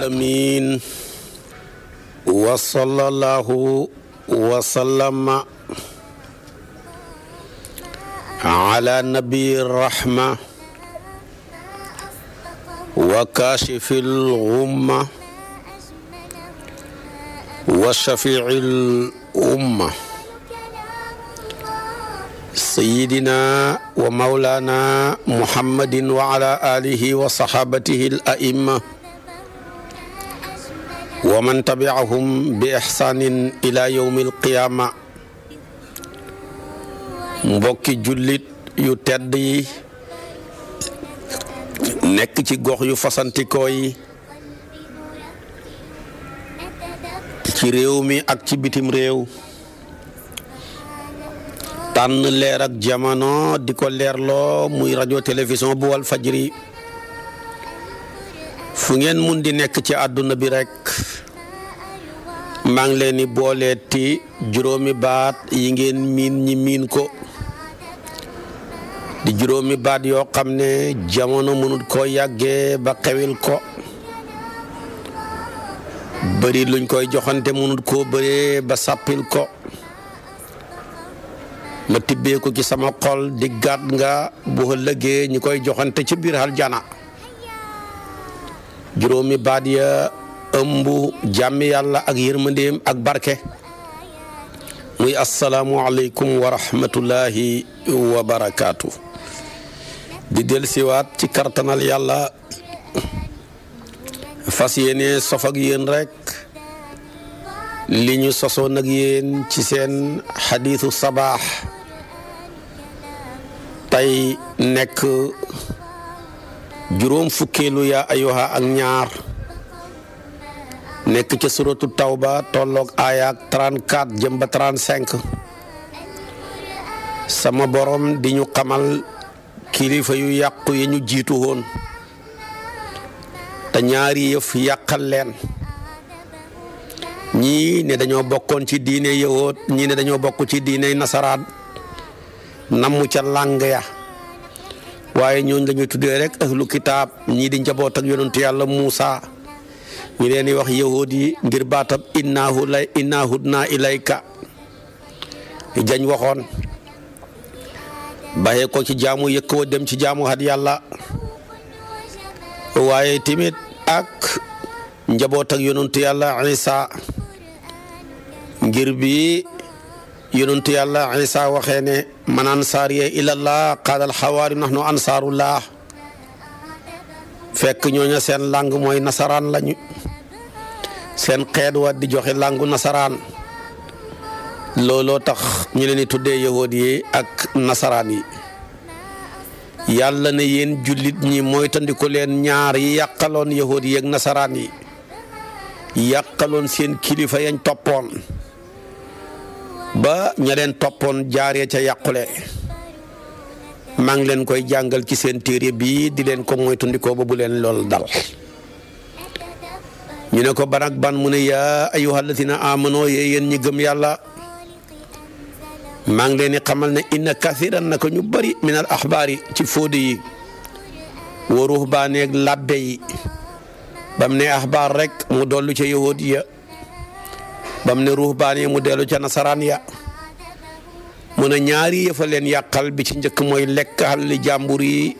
العالمين وصلى الله وسلم على نبي الرحمة وكاشف الغمة وشفيع الأمة سيدنا ومولانا محمد وعلى آله وصحابته الأئمة ومن تبعهم بإحسان إلى يوم القيامة مبكي جلد يتدي nekk ci gox yu fasantikoo yi ci réew اك تي بيتيم bitim réew tànn leer ak jamono di ko lo muy rajo télévision bu wal fajri fu ngeen mun di nekk ci bi maa ngi leen di booleeti juróomi baat yi ngeen miin ñi miin ko di juróomi baat yoo xam ne jamono mënut koo yàggee ba xewil ko bëri luñ koy joxante mënut koo bëree ba sàppil ko ma tibbee ko ci sama xol di gàtt nga bu ëllëgee ñu koy joxante ci biir aljana juróomi baat ya ëmb jàmm yàlla ak yërmandeem ak barke muy asalaamualeykum wa rahmatullahi wa barakaatu di dellusiwaat ci kartanal yàlla fas yéene sof ak yéen rekk li ñu sosoon ak yéen ci seen xadiisu sabaax tey nekk juróom fukkeelu yaa ayuha ak ñaar nek ci suratu tauba tolok ayat 34 jëm ba 35 sama borom di ñu xamal kilifa yu yàqu yi ñu jitu woon ta ñaari yef yaqal len ñi ne dañoo bokkon ci diine yahood ñi ne dañoo bokku ci diine nasaraat namu ca lang ya waye ñoo lañu tuddé rek ahlu kitab, ñi di njaboot ak yonentu yalla musa ñu leen di wax yahud ngir baatab innaahu lay ilayka jañ waxoon bàyyee ko ci jaamu yëkk wa dem ci jaamu xat yàlla waaye timit ak njaboot ak yonentu yàlla Isa ngir bi yonentu yàlla Isa waxee ne man ansaariya ilallah qaala alxawaari nahnu ansaarullah fekk ñooña seen làng mooy nasaraan lañu seen xeet wa di joxe làngu nasaraan looloo tax ñu leen tuddee yahood yi ak nasaraan yi yàlla ne yéen jullit ñi moytandiku leen ñaar yi yàqaloon yahood yi ak nasaraan yi yàqaloon seen kilifa yañ toppoon ba ña leen toppoon jaaree ca yàqule maa ngi leen koy jàngal ci seen téere bii di leen ko moytandikoo ba bu leen lool dal ñu ne ko ban ban mu ne yaa ayyuhal lazina yee yéen ñi gëm yàlla maa ngi leen di xamal ne inna kasiran na ko ñu bëri minal axbaar yi ci fóode yi wa ruhbaaneeg labbe yi ne axbaar rek mu dollu ca yahuud ya bam ne ruhbaan yi mu dellu ca nasaraan ya mu ne ñaari yëfa leen yàqal bi ci njëkk mooy lekk xalli jàmbur yi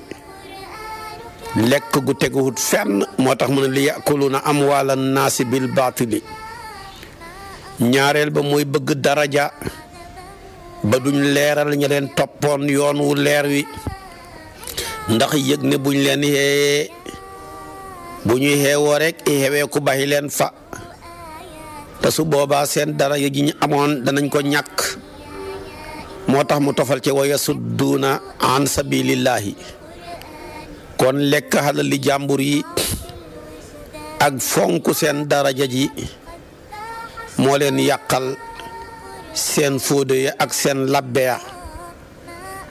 lekk gu teguwut fenn moo tax mu ne li yakuluuna amwaala naasi bil baatili ñaareel ba mooy bëgg daraja ba duñ leeral ña leen toppoon yoon wu leer wi ndax yëg ne buñ leen xeeyee bu ñu xeewoo rek i xewee ku baxi leen fa te su boobaa seen daraja ji amoon danañ ko ñàkk moo tax mu tofal ci wa yasudduuna an sabilillahi kon lekk xalali jàmbur yi ak fonk seen daraja ji moo leen yàqal seen fóode ak seen labbe ya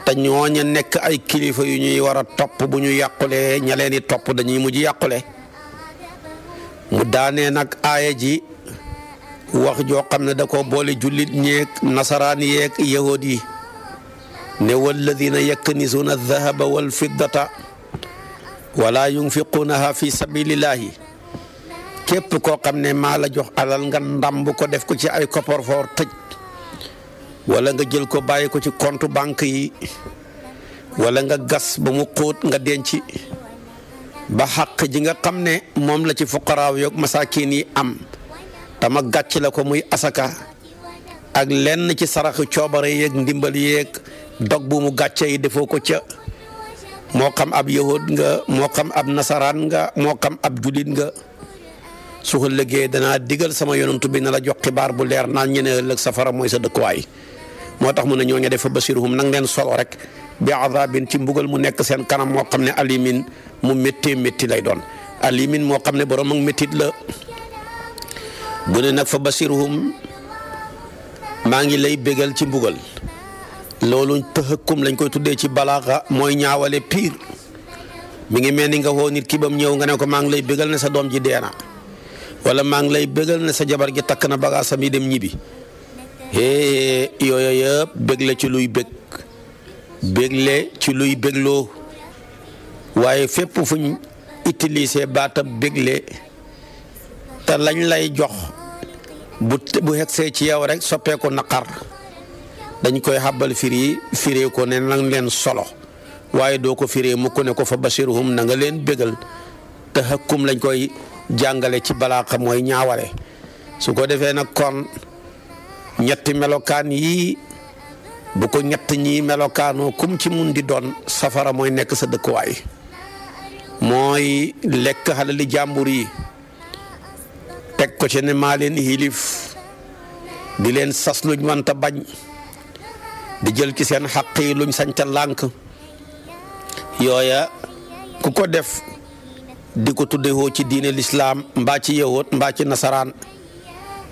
te ñooña nekk ay kilifa yu ñuy war a topp bu ñu yàqulee ña leen di topp dañuy mujj yàqule mu daanee nag aaya ji wax joo xam ne da ko boole jullit ñeeg nasaraan yeeg yahud yi ne walladina yaknisuuna aldahaba walfiddata wala yunfiqunaha fi sabilillahi kep ko xamne ne jox alal nga ndàmb ko def ko ci ay for tej wala nga jël ko baye ko ci compte banque yi wala nga gas ba mu xoot nga denci ba haq ji nga xamne ne la ci masakin yi am tama gatch la ko muy asaka ak len ci sarax ciobare yek ndimbal yek dog bu mu moo xam ab yahud nga moo xam ab nasaraan nga moo xam ab julit nga su ko lëggee danaa digal sama yonantu bi na la jox xibaar bu leer naan ñene ëllëg safara mooy sa dëkkuwaay moo tax mun ne ñoo ña defa basiruhum nang leen solo rek bi azabin ci mbugal mu nekk seen kanam moo xam ne alimin mu méttee métti lay doon alimin moo xam ne borom ak méttit la bu ne nag fa basiruhum maa ngi lay bégal ci mbugal loolu tëxëkkum lañ koy tuddee ci balaaxa mooy ñaawale piir mu ngi mel ni nga woo nit ki ba ñëw nga ne ko maa ngi lay bégal ne sa doom ji dee na wala maa ngi lay bëggal ne sa jabar gi takk na bagaasam yi dem ñibbi hee yooyu yëpp bégle ci luy bég bégle ci luy bégloo waaye fépp fuñ utiliser baatab bégle te lañ lay jox bu bu xegsee ci yow rek soppeeku naqar dañ koy habal firi firé ko ne nang len solo waye do ko firé mu ko ne ko fa bashiruhum na len begal tahakkum lañ koy jangale ci balaqa moy ñaawale su ko defé nak kon ñett melokan yi bu ko ñett ñi melokano kum ci mundi don safara moy nek sa dekk way moy lek halali jamburi tek ko ci ne malen hilif di len sas bañ di jël ci seen xaq yi luñ sañta lànk yooya ku ko def di ko tuddewoo ci diine lislaam mbaa ci yawut mbaa ci nasaraan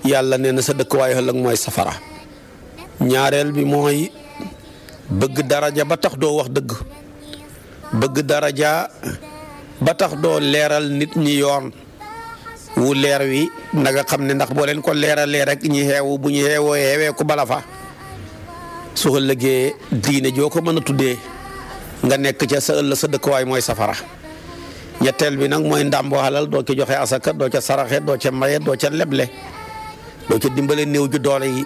yàlla nee na sa dëkkuwaay ëllëg mooy safara ñaareel bi mooy bëgg daraja ba tax doo wax dëgg bëgg daraja ba tax doo leeral nit ñi yoon wu leer wi na nga xam ne ndax boo leen ko leeralee rek ñi xeewu bu ñu xeewoo xeewee ku bala fa su ëllëgee diine joo ko mën a tuddee nga nekk ca sa ëllëg sa dëkkuwaay mooy safara ñetteel bi nag mooy ndàmboo xalal doo ca joxe asaka doo ca saraxe doo ca maye doo ca leble doo ca dimbale néew ji doole yi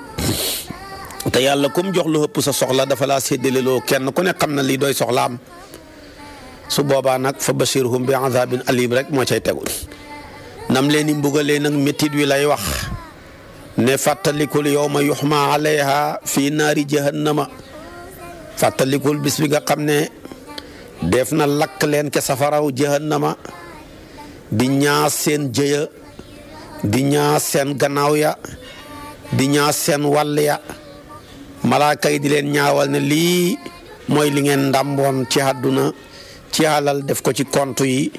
te yàlla comme jox lu ëpp sa soxla dafa laa séddaleloo kenn ku ne xam na lii doy soxlaam su boobaa nag fa bashirhum bi azabin alim rek moo cay tegu nam leen i mbugalee nag métit wi lay wax ne fàttalikul ma yuxma alayha fii naari jahannama fàttalikul bis bi nga xam ne def na lakk leen ca safaraw jahannama di ñaas seen jëya di ñaas seen gannaaw ya di ñaas seen wàll ya malaaka yi di leen ñaawal ne lii mooy li ngeen ndàmboon ci àdduna ci alal def ko ci compte yi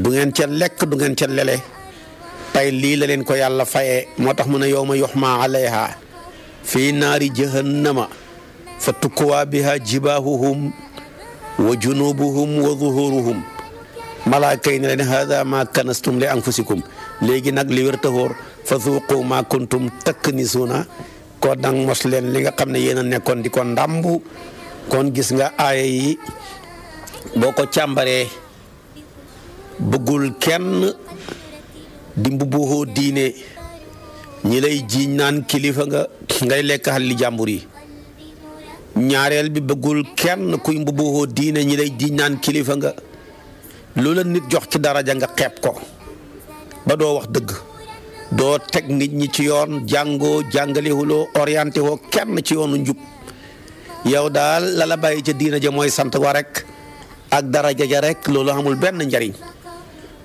du ngeen ca lekk du ngeen ceen lele tey lii la ko yàlla fayee moo tax mu ne yow ma yox ma alayha fii naari jahannama fa tukkuwaa biha jibaahuhum wa junubuhum wa zuhuruhum malaaka yi leen hada ma kanastum li anfusikum léegi nag li wér taxóor fa zuuqu ma kuntum takk ni suuna ko dang mos leen li nga xam ne yéen a nekkoon di ko ndàmbu kon gis nga aaya boo ko càmbaree bëggul kenn di mbubboo diine ñi lay jiiñ naan kilifa nga ngay lekk xal li jàmbur yi ñaareel bi bëggul kenn kuy mbubboo diine ñi lay jiiñ naan kilifa nga lu la nit jox ci daraja nga xeeb ko ba doo wax dëgg doo teg nit ñi ci yoon jàngoo jàngalewuloo orienté woo kenn ci yoonu njub yow daal la la bàyyi ca diina ja mooy sant wa rekk ak daraja ja rek loolu amul benn njariñ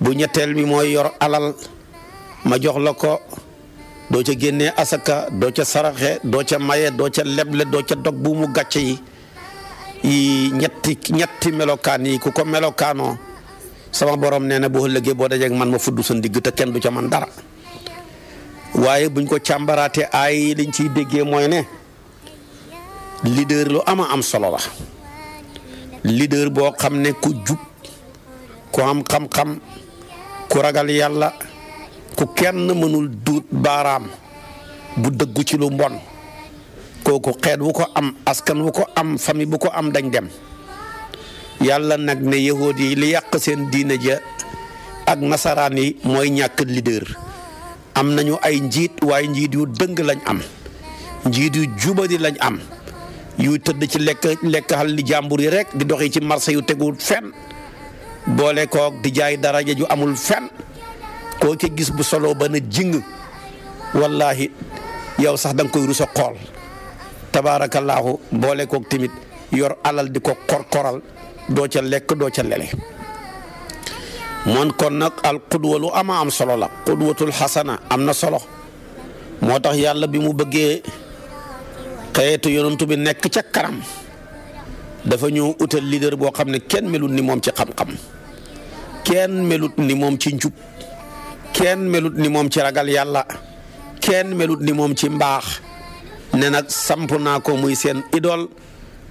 bu ñetteel bi mooy yor alal ma jox la ko doo ca génnee asaka doo ca saraxe doo ca maye doo ca leble doo ca dog bu mu gàcce yi yi ñetti melokaan yi ku ko melokaano sama borom nee na boo ëllëgee boo dajee ak man ma fuddu sa ndigg te kenn du ca man dara waaye buñ ko càmbaraatee ay liñ ciy déggee mooy ne leader lu ama am solo la leader boo xam ne ku jub ku am xam-xam ku ragal yàlla. ku kenn mënul duut baaraam bu dëggu ci lu mbon kooku xeet wu ko am askan wu ko am famille bu ko am dañ dem yàlla nag ne yahood yi li yàq seen diine ja ak nasaraan yi mooy ñàkk leader am nañu ay njiit waaye njiit yu dëng lañ am njiit yu jubadi lañ am yu tëdd ci lekk lekk xal li jàmbur yi rek di doxi ci marché yu tegul fen boole koog di jaay daraja ju amul fen koo ca gis bu solo ba na jing wallaahi yow sax da nga koy rusa xool tabaarakallaahu boole kook tamit yor alal di ko korkoral doo ca lekk doo ca lele. moon kon nag al qudwa ama am solo la qudwatul xasana am na solo moo tax yàlla bi mu bëggee xeetu yonantu bi nekk ca kanam dafa ñëw utal leader boo xam ne kenn melut ni moom ci xam-xam kenn melut ni moom ci njub. kenn melut ni mom ci ragal yalla kenn melut ni mom ci mbax ne nak samp ko muy sen idol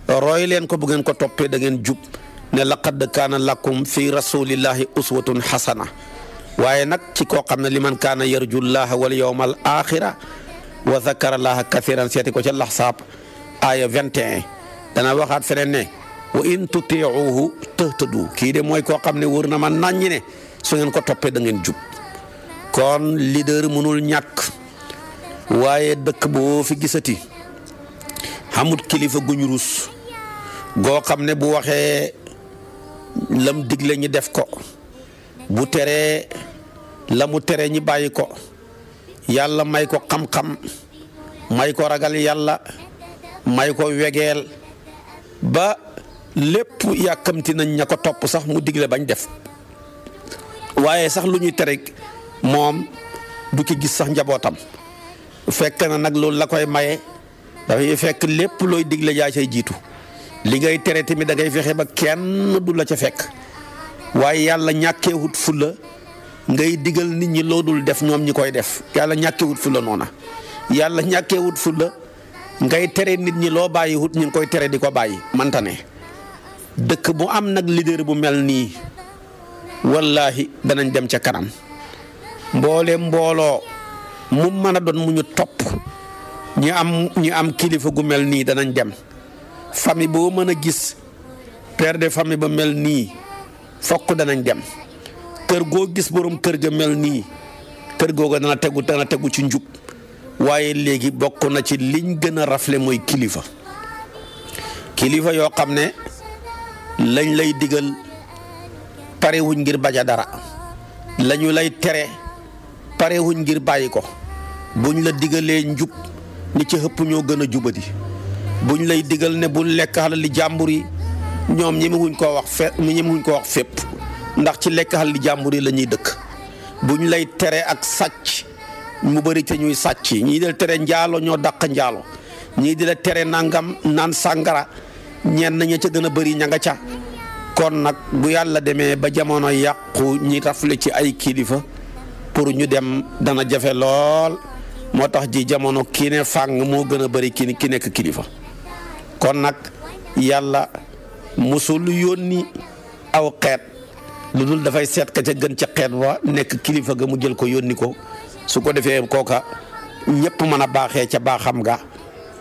roy len ko bu ko topé da ngeen jub ne laqad kana lakum fi rasulillahi uswatun hasana waye nak ci ko xamne liman kana yarjullah wal yawmal akhirah, wa zakara allah kathiran seeti ko ca laxsaab aya 21 dana waxat fenen ne wa in tutiuhu tahtadu ki de moy ko xamne ne man ne su ngeen ko topé da ngeen kon leader mënul ñàkk waaye dëkk boo fi gisati xamut kilifa gu ñu rus goo xam ne bu waxee lam digle ñi def ko bu teree la mu tere ñi bàyyi ko yàlla may ko xam-xam may ko ragal yàlla may ko wegeel ba lépp yàkkamti nañ ña ko topp sax mu digle bañ def waaye sax lu ñuy tere moom du ci gis sax njabootam fekk na nag loolu la koy maye dafay fekk lépp looy digle jaay say jiitu li ngay tere tamit da ngay fexe ba kenn du la ca fekk waaye yàlla ñàkkeewut fulla ngay digal nit ñi loo dul def ñoom ñi koy def yàlla ñàkkeewut fulla noona yàlla ñàkkeewut fulla ngay tere nit ñi loo bàyyiwut ñu ngi koy tere di ko bàyyi manta ne dëkk bu am nag leader bu mel nii wallaahi danañ dem ca kanam mboole mbooloo mu mën a doon mu ñu topp ñi am ñi am kilifa gu mel nii danañ dem famille boo mën a gis père de famille ba mel nii fokk danañ dem kër goo gis borom kër ga mel nii kër googa dana tegu dana tegu ci njub waaye léegi bokk na ci liñ gën a rafle mooy kilifa kilifa yoo xam ne lañ lay digal parewuñ ngir baja dara lañu lay tere parewuñ ngir bàyyi ko buñ la digalee njub ñi ci xëpp ñoo gën a jubadi buñ lay digal ne bu lekk xalali jàmbur yi ñoom ñemewuñ koo wax fe ñemewuñ wax fépp ndax ci lekk xalali jàmbur yi lañuy ñuy dëkk buñ lay tere ak sàcc mu bëri ca ñuy sàcc ñii di la tere njaalo ñoo dàq njaalo ñii di la tere nangam naan sàngara ñenn ña ca gën a bari ña nga ca kon nag bu yàlla demee ba jamono yàqu ñi rafle ci ay kilifa pour ñu dem dana jafe lool motax ji jamono ki ne kine mo gëna bari ki ki nek kilifa kon nak yalla musul yoni aw xet lu da fay set ka ca gën ca xet wa nek kilifa ga mu jël ko yoni ko su ko defé koka ñepp mëna baxé ca baxam ga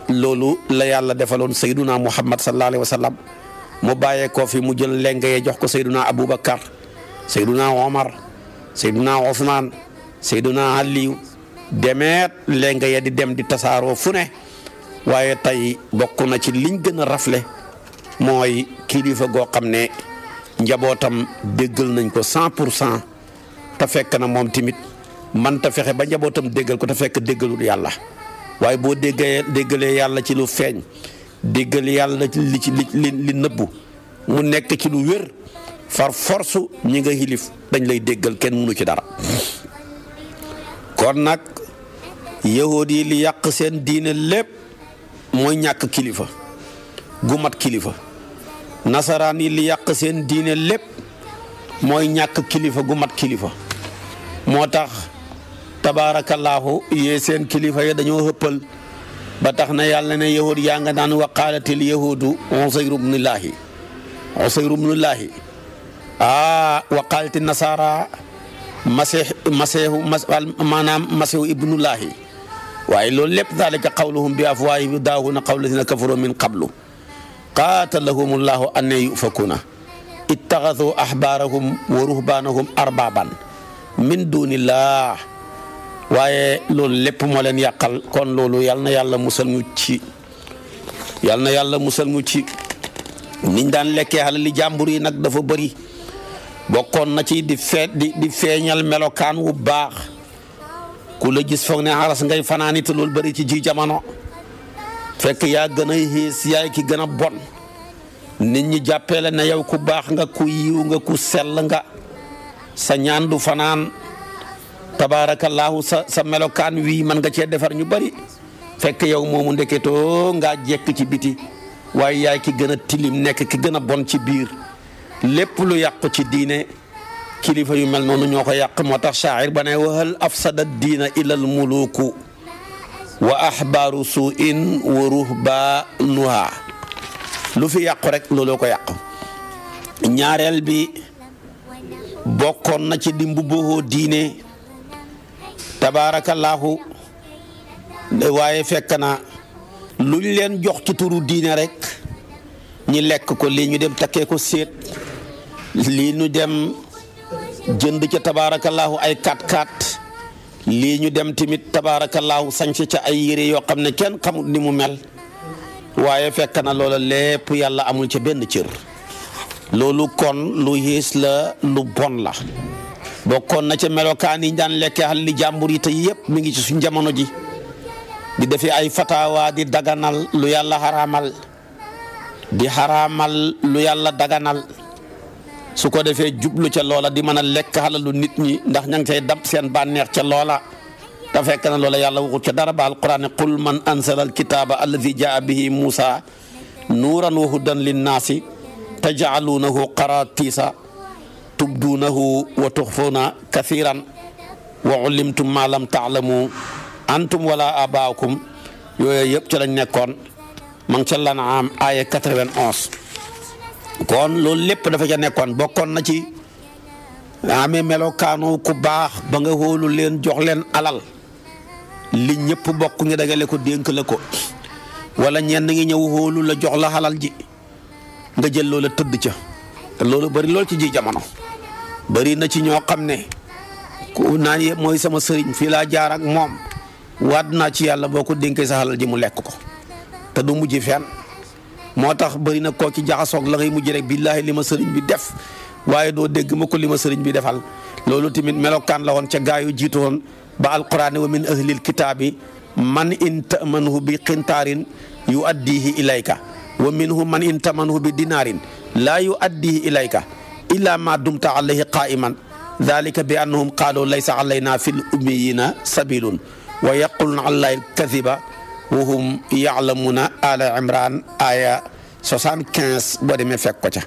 lolu la yalla defalon sayyiduna muhammad sallallahu alaihi wasallam mu baye ko fi mu jël lengay ya jox ko sayyiduna abubakar sayyiduna umar Seyduna Osmaan Seyduna Aliyu demeet lenga ya di dem di tasaaroo fu ne waaye tey bokk na ci liñ gën a rafle mooy kilifa goo xam ne njabootam déggal nañ ko cent pour cent te fekk na moom tamit man ta fexe ba njabootam déggal ko te fekk déggalul yàlla waaye boo déggalee yàlla ci lu feeñ déggal yàlla li ci li li nëbbu mu nekk ci lu wér far force ñi nga xilif dañ lay déggal kenn mënu ci dara kon nag yahud yi li yàq seen diine lépp mooy ñàkk kilifa gu mat kilifa nasaraan yi li yàq seen diine lépp mooy ñàkk kilifa gu mat kilifa moo tax tabaarakallaahu yee seen kilifa yi dañoo hëppal ba tax na yàlla ne yahud yaa nga naan waqaalatil yahudu usayru bnullaahi ah waqaalat nasara masih masihu maanaam masihu ibnullahi waaye loolu lépp dalika qawluhum bi afwaahihim yudaahi'uuna qawla llaziina kafaruu min qablu qaatalahumullahu annaa yu'fakuuna ittaxazuu ahbaarahum wa ruhbaanahum arbaaban min duunillah waaye loolu lépp moo leen yàqal kon loolu yal na yàlla musal ñu ci yal na yàlla musal ñu ci niñ daan lekkee xale li jàmbur yi nag dafa bëri. bokkoon na ci di fee di di feeñal melokaan wu baax ku la gis foog ne xaras ngay fanaanit loolu bari ci ci jamono fekk yaa gën a xiis yaay ki gën a bon nit ñi jàppeele na ne yow ku baax nga ku yiw nga ku sell nga sa ñaandu du fanaan tabaarakallaahu sa sa melokaan wii mën nga cee defar ñu bari fekk yow moomu ndeketoo ngaa jekk ci biti waaye yaay ki gën a tilim nekk ki gën a bon ci biir lépp lu yàqu ci diine kilifa yu mel noonu ñoo ko yàq moo tax shaacir ba ne wahal afsada diina ila almuluku wa ahbaaru suin wa ruhbaanuha lu fi yàqu rek looloo ko yàq ñaareel bi bokkoon na ci di mbubboo diine tabaarakallaahu waaye fekk na luñ leen jox ci turu diine rek ñi lekk ko lii ñu dem takkee ko séet lii ñu dem jënd ca tabaarakallaahu ay 4-4 lii ñu dem tamit tabaarakallaahu sanc ca ay yére yoo xam ne kenn xamut ni mu mel waaye fekk na loola lépp yàlla amul ca benn cër loolu kon lu yées la lu bon la bokkoon na ca melokaan yi daan lekkee xal li jàmbur yi te yëpp mi ngi ci suñ jamono ji di defee ay fatawaa daganal lu yàlla xaraamal di xaraamal lu yàlla daganal su ko defee jublu ca loola di mën a lekk xalalu nit ñi ndax ña ngi say dab seen bànneex ca loola te fekk na loola yàlla waxut ca dara ba alquran qul man ansala alkitaba alladi jaa bihi musa nuuran wa hudan linnaasi tajaaluunahu qaratisa tubduunahu wa tuxfuuna kathiran wa ullimtum ma lam taalamu antum wala abaakum yooyu yëpp ca lañ nekkoon ma ngi ca lan kon loolu lépp dafa ca nekkoon bokkoon na ci amee kaanu ku baax ba nga wóolu leen jox leen alal li ñëpp bokk ngi dagale ko dénk la ko wala ñenn ngi ñëw wóolu la jox la ji nga jël loola tëdd ca loolu bari lool ci ji jamono bari na ci ñoo xam ne ku naan yëpp mooy sama sëriñ fii laa jaar ak moom waat naa ci yàlla boo ko dénkee sa alal ji mu lekk ko te du mujj fenn moo tax bëri na koo ci jaxasoog la mu mujj rek billaahi li ma sëriñ bi def waaye doo dégg ma ko li ma sëriñ bi defal loolu tamit melokaan la woon ca gaa yu jiitu woon ba alquraan wa min ahlil kitaabi man in tamanhu bi qintaarin yu addihi ilayka wa minhum man in tamanhu bi dinaarin laa yu addihi ilayka illa ma dumta alayhi qaa'iman dalika bi annahum qaalu laysa alayna fi l ummiyina sabilun wa yaquluna allahi kadiba wahum ya'lamuna ala imran aya 75 bo demé fek ko ca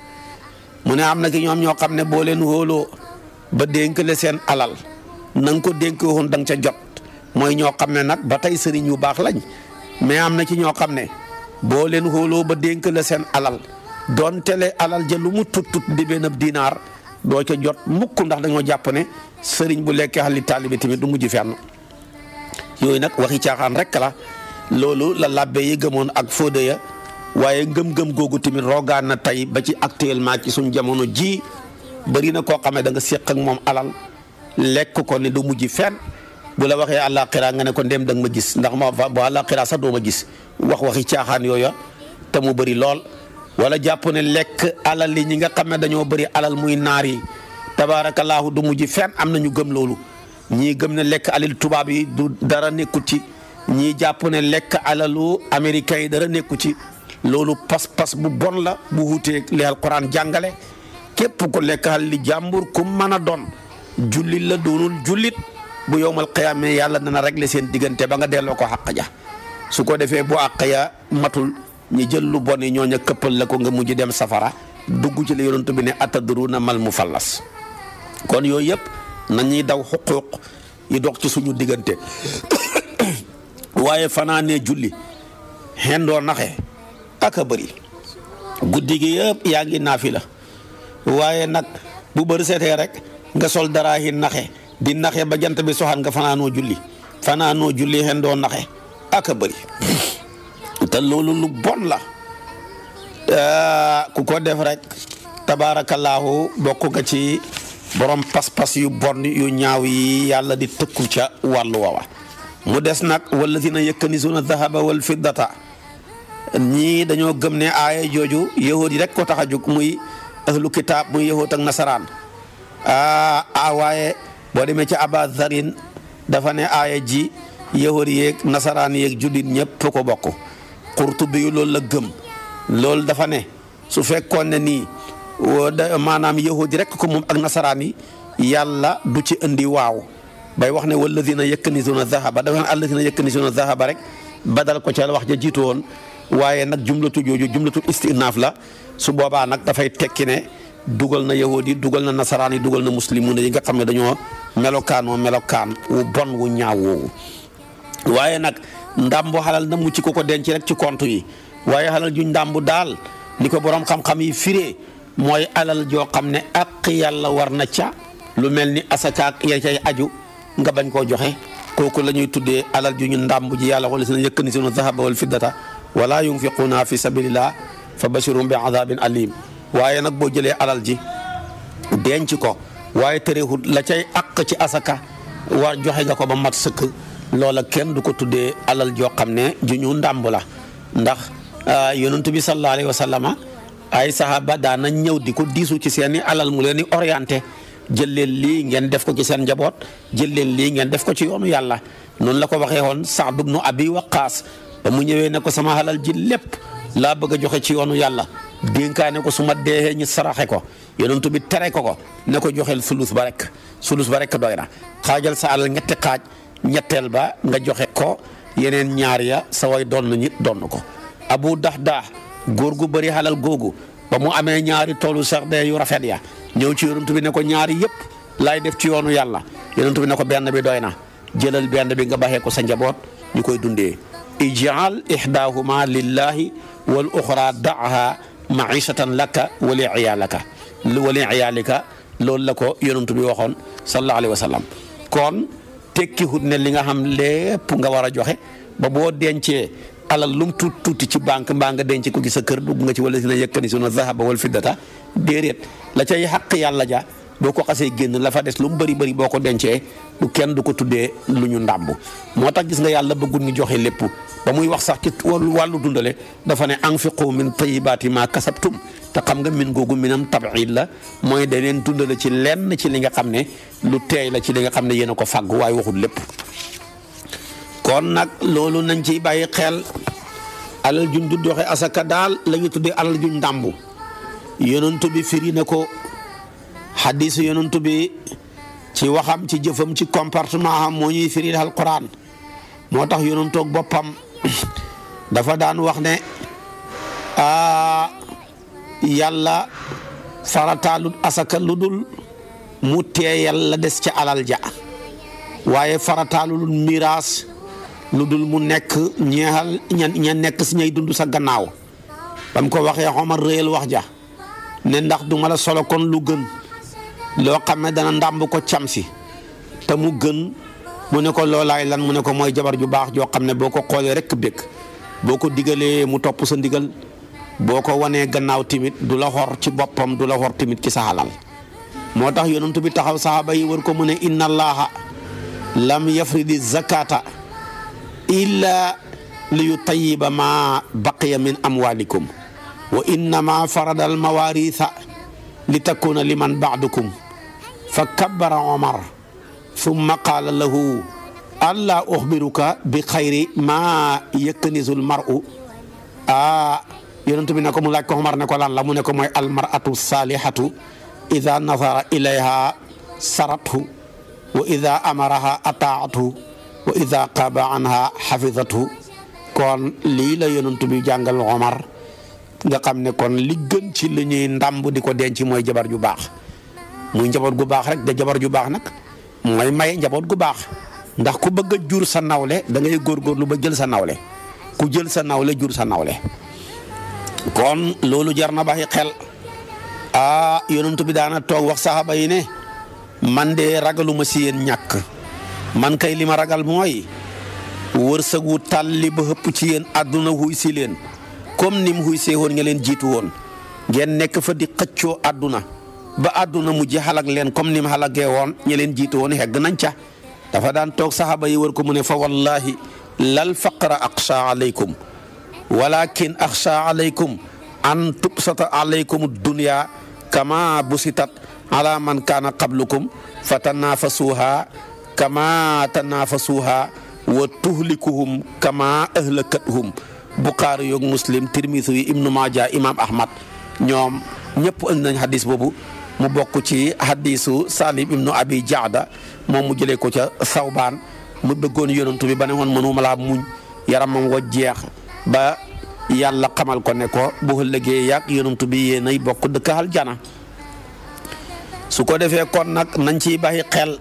mu ne am ki ñoom ñoo ne ba alal nang ko dénk woon da nga ca jot nyokam ne nak ba tey nyu yu baax lañ mais ne bole nu holo ba nke lesen alal Don tele alal je lu mu tut tut di benab dinar do ca jot mukk ndax dañu japp ne serigne bu lekkee xali taalibi tamit du mujj fenn yoy nak waxi rek la loolu la làbbe yi gëmoon ak foode ya waaye ngëm-ngëm googu tamit rogaan na tey ba ci actuellement ci suñ jamono jii bëri na koo xamee da nga séq ak moom alal lekk ko ne du mujj fenn bu la waxee àllaaxira nga ne ko ndem da nga ma gis ndax ma bu àllaaxira sax doom a gis wax waxi caaxaan yooya te mu bëri lool. wala jàpp ne lekk alal yi ñi nga xam ne dañoo bëri alal muy naar yi tabaarakallaahu du mujj fen am na ñu gëm loolu ñii gëm ne lekk alal tubaab yi du dara nekkut ci. ñii jàpp ne lekk alalu américain yi dara nekku ci loolu pas-pas bu bon la bu wuteeg li alquran jàngale képp ko lekk li jàmbur ku mën a doon jullit la doonul jullit bu yowmal qiyaama yàlla dana régler seen diggante ba nga delloo ko àq ja su ko defee bu àq ya matul ñi jël lu bon yi ñooña këppal la ko nga mujj dem safara dugg ci la yonent bi ne na mal mu mufallas kon yooyu yëpp nañuy daw xuquuq yi dox ci suñu diggante waaye fanaanee julli hendo naxé aka bari bëri guddi gi yëpp yaa ngi naafi bu beur sété rek nga sol daraa yi naxe di naxé ba jant bi soxaan nga fanaanoo julli fanaanoo julli hendo naxé aka bari ta lolu lu bon la ku ko def rek tabarakallah bokku ga ci borom pas-pas yu bon yu ñaaw yi di tekkul ca walu wawa mu des nag wallazina yëkkanisuuna dahaba wal fiddata ñii dañoo gëm ne aaya jooju yahood yi rek ko tax a jóg muy ahlu kitaab muy yahood ak nasaraan a ah, ah, waaye boo demee ci aba zarin dafa ne aaya ji yahood yeeg nasaraan yeeg jullit ñëpp ko bokk Qurtubi yu loolu la gëm loolu dafa ne su fekkoon ne nii maanaam yahood yi rek ko moom ak nasaraan yi yàlla du ci indi waaw bay wax ne na walladina yaknisuna zahaba dafa ne alladina a zahaba rek badal ko ca wax ja jiitu woon waaye nag jumlatu jooju tu istinaaf la su boobaa nag dafay tekki ne dugal na yahud yi dugal na nasaraan yi dugal na muslimun yi nga xam ne dañoo melokaan moo melokaan wu bon wu ñaaw woowu waaye nag ndàmbu xalal na mucc ko ko denc rek ci compte yi waaye xalal ju ndàmbu daal ni ko boroom xam-xam yi firee mooy alal joo xam ne ak yàlla war na ca lu mel ni asaka ak ya cay nga bañ koo joxe kooku la ñuy tuddee alal ju ñu ndàmb ji yàlla xool si na yëkk ni sunu zahaba wal fiddata wala yunfiquuna fi sabilillah fa bashirum bi adabin alim waaye nag boo jëlee alal ji denc ko waaye terewut la cay akk ci asaka wa joxe nga ko ba mat sëkk loola kenn du ko tuddee alal joo xam ne ju ñu ndàmb la ndax euh, yonent bi sallallahu alayhi wa sallama ay sahaba daana ñëw di ko diisu ci seeni alal mu leen di orienté jël leen lii ngeen def ko ci seen njaboot jël leen lii ngeen def ko ci yoonu yàlla noonu la ko waxee woon Saad ibnu Abi Waqaas ba mu ñëwee ne ko sama xalal ji lépp laa bëgg a joxe ci yoonu yàlla dénkaane ko su ma deexee ñu saraxe ko yonent bi tere ko ko ne ko joxeel sulus ba rek sulus ba rek doy na xaajal sa alal ñetti xaaj ñetteel ba nga joxe ko yeneen ñaar ya sa way donn ñi donn ko abu dax daax góor gu bëri xalal googu ba mu amee ñaari toolu sax yu rafet ya ñëw ci yonent bi ne ko ñaari yëpp lay def ci yoonu yàlla yonent bi na ko benn bi doy na jëlal benn bi nga baxee ko sa njaboot ñu koy dundee ijaal ihdahuma lillahi wal uxra daaha maishatan laka wali iyaalaka wali iyaalika loolu la ko yonent bi waxoon sallallahu alayhi wa sallam kon tekki hut li nga xam lépp nga war a joxe ba boo dencee alal lum tuut tuuti ci banque mbaa nga denc ko gi sa kër dugg nga ci wala dina yëkkani sunu zahaba wal fiddata déedéet la cay xàq yàlla ja boo ko xasee génn lafa des lu mu bëri bëri boo ko dencee du kenn du ko tuddee lu ñu ndàmb moo tax gis nga yàlla bëggul ñu joxe lépp ba muy wax sax ci wàllu dundale dafa ne anfiqu min tayibaati ma kasabtum te xam nga min googu minam tabiid la mooy da leen dundale ci lenn ci li nga xam ne lu teey la ci li nga xam ne yéen ko fàgg waaye waxul lépp kon nak loolu nañ ci baye xel alal juñ du doxé asaka dal lañu tuddé alal juñ ndambu yonentou bi firi nako hadith yonentou bi ci waxam ci jëfëm ci comportement am moo ñuy firi dal quran motax yonentou bopam dafa daan wax né a yàlla farataalut asaka ludul dul mu teeyal la des alal ja waye faratalul mirage ludul mu nek ñeexal ña ña nekk si ñay dundu sa gannaaw bam ko waxe xomar reel wax ja ne ndax du mala solo kon lu gën lo xam dana ndamb ko cham si te mu gën mu ne ko lolay lan mu ne ko moy jabar ju baax jo xamne boko xole rek bekk boko ko mu top sa ndigal boko wone gannaaw timit du la xor ci hor du la xor timit ci sahalal motax yonentou bi taxaw sahaba yi war ko mu ne inna allaha lam yafridi zakata إلا ليطيب ما بقي من أموالكم وإنما فرض المواريث لتكون لمن بعدكم فكبر عمر ثم قال له ألا أخبرك بخير ما يكنز المرء آه يرنت منكم لك عمر نقول الله منكم المرأة الصالحة إذا نظر إليها سرته وإذا أمرها أطاعته wa kaba qaba anha hafizatu kon li la yonent bi jangal Omar nga xamne kon li gën ci li ñuy di ko denc moy jabar ju bax muy jabar gu bax rek da jabar ju bax nak moy may jabar gu bax ndax ku bëgg jur sa nawle da ngay lu ba jël sa nawle ku jël sa nawle jur sa nawle kon lolu jarna na xel ah yonent bi daana tok wax sahaba yi ne man de ragaluma si yeen ñak man kay li ma ragal mooy wër wërsëg wu tàlli ba xëpp ci yéen àdduna xuy si leen comme ni mu xuy see woon nga leen jiitu woon ngeen nekk fa di xëccoo àdduna ba àdduna mujj xalak leen comme ni xalagee xalakee woon ñi leen jiitu woon xegg nañ ca dafa daan toog saxaaba yi wër ko mu ne fa wallahi lal faqra axsha alaykum walakin axsha alaykum an tubsata alaykum dunya kama busitat ala man kaana fa fatanafasuha kama tanaafasuha wa tuhlikuhum kama ahlakathum buxaari yoog muslim tirmisu yi ibnu maaja imam ahmad ñoom ñëpp ënd nañ xadis boobu mu bokk ci xadisu salim ibnu abi jaada moom mu jëlee ko ca sawbaan mu bëggoon yonantu bi ba ne woon mënuma laa muñ yaramam wa jeex ba yàlla xamal ko ne ko bu ëllëgee yàgg yonantu bi yéenay bokk dëkk aljana su ko defee kon nag nañ ciy bàyyi xel